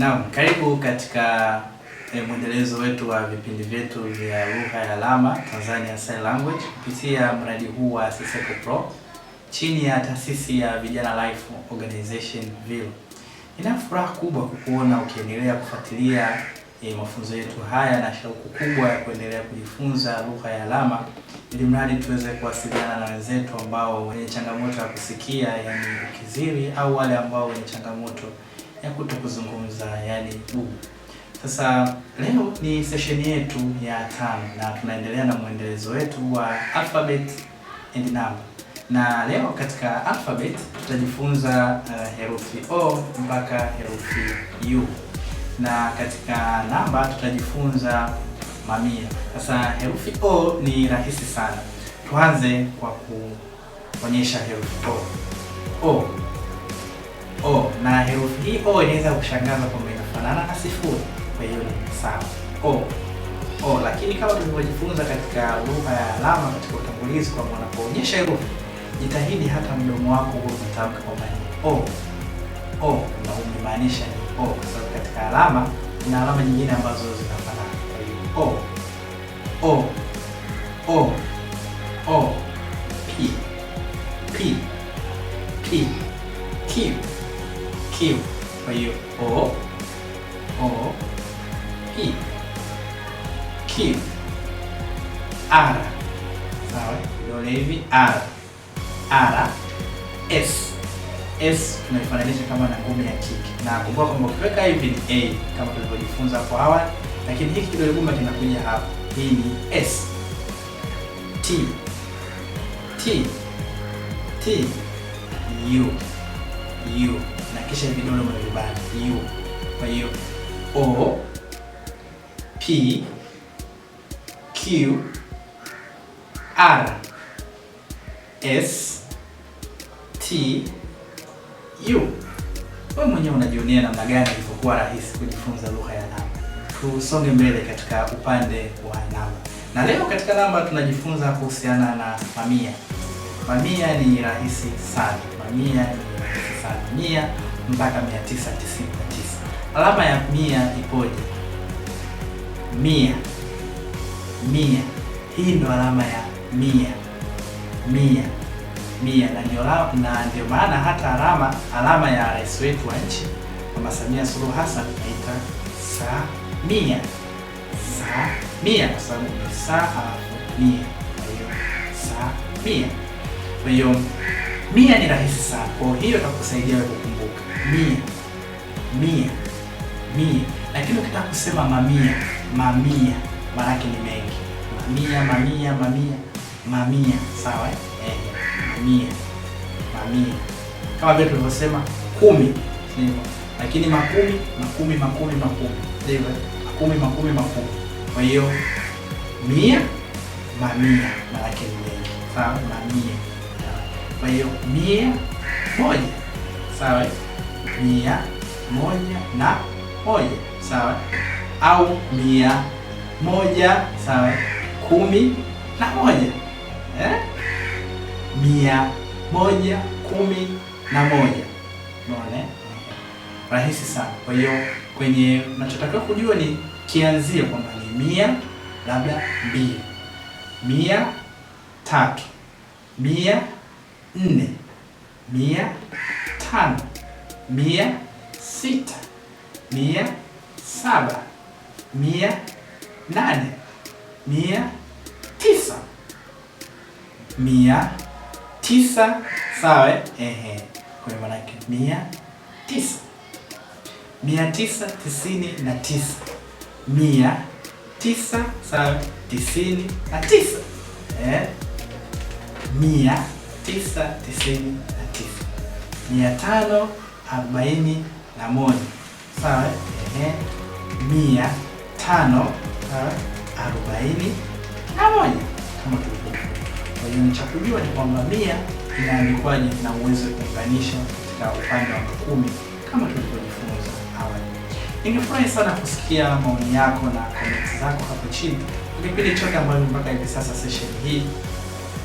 Naam, karibu katika eh, mwendelezo wetu wa vipindi vyetu vya lugha ya alama Tanzania Sign Language kupitia mradi huu wa Siseko Pro chini ya taasisi ya Vijana Life Organization VILO. Ina furaha kubwa kukuona ukiendelea kufuatilia eh, mafunzo yetu haya na shauku kubwa ya kuendelea kujifunza lugha ya alama ili mradi tuweze kuwasiliana na wenzetu ambao wenye changamoto ya kusikia, yani ukiziri au wale ambao wenye changamoto ya kuto kuzungumza yani bubu. Sasa leo ni sesheni yetu ya tano na tunaendelea na mwendelezo wetu wa alphabet and number, na leo katika alphabet tutajifunza uh, herufi o mpaka herufi u, na katika namba tutajifunza mamia. Sasa herufi o ni rahisi sana, tuanze kwa kuonyesha herufi o o hii inaweza kushangaza kwamba inafanana na sifuri, kwa hiyo ni sawa o oh, o. Oh, lakini kama tulivyojifunza katika lugha ya alama katika utangulizi, kwamba unapoonyesha herufi jitahidi hata mdomo wako huo unatamka kwamba ni o oh, o, na umemaanisha ni o, kwa sababu katika alama na alama nyingine ambazo zinafanana. Kwa hiyo o o o o o i ki ara, sawa vidole hivi ara ara s s tunaifananisha kama na ya kike, na kumbuka kwamba ukiweka hivi ni a kama tulivyojifunza kwa awali, lakini hiki kidole gumba kinakuja hapa. Hii ni s t t t u u na kisha vidole unavibana u. Kwa hiyo o p q r s t u. Wewe mwenyewe unajionea namna gani ilivyokuwa rahisi kujifunza lugha ya namba. Tusonge mbele katika upande wa namba, na leo katika namba tunajifunza kuhusiana na mamia. Mamia ni rahisi sana mia mia mpaka mia tisa tisini na tisa. Alama ya mia ipoje? Mia, mia, hii ndo alama ya mia, mia, mia na ndio maana hata alama alama ya rais wetu wa nchi Mama Samia Suluhu Hassan inaita saa mia, saa mia kwa sababu ni saa alafu mia, kwa hiyo saa mia, kwa hiyo Mia ni rahisi sana, kwa hiyo itakusaidia wewe kukumbuka mia mia mia. Lakini ukitaka kusema mamia mamia, maana yake ni mengi. Mamia mamia mamia mamia, sawa eh? Mamia mamia, kama vile tulivyosema kumi, ndio. Lakini makumi makumi makumi makumi, ndio Makumi makumi makumi. Kwa hiyo mia mamia maana yake ni mengi, sawa? Mamia hiyo mia moja sawa, mia moja na moja sawa, au mia moja sawa, kumi na moja eh? mia moja kumi na moja unaona, eh? rahisi sana. Kwa hiyo kwenye unachotakiwa kujua ni kianzie kwamba ni mia labda mbili mia tatu mia nne, mia tano, mia sita, mia saba, mia nane, mia tisa, mia tisa. Sawa, ehe. Kwa manake mia tisa, mia tisa tisini na tisa, mia tisa sawa, tisini na tisa eh, mia 999 mia tano na sawa, mia tano na kama tulivyo. Kwa hiyo cha ni kwamba mia inaandikwaje na uwezo kuunganisha katika upande wa kumi kama tulivyojifunza awali. Ningefurahi sana kusikia maoni yako na komenti zako hapo chini, kipindi chote ambayo mpaka hivi sasa session hii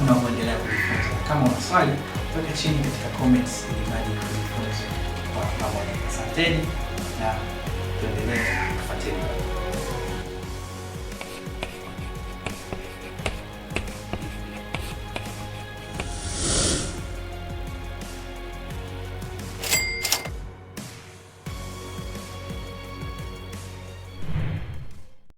unavyoendelea kujifunza. Kama una swali, weka chini katika comments ili maji kujifunza kwa pamoja. Asanteni na tuendelee kufuatilia.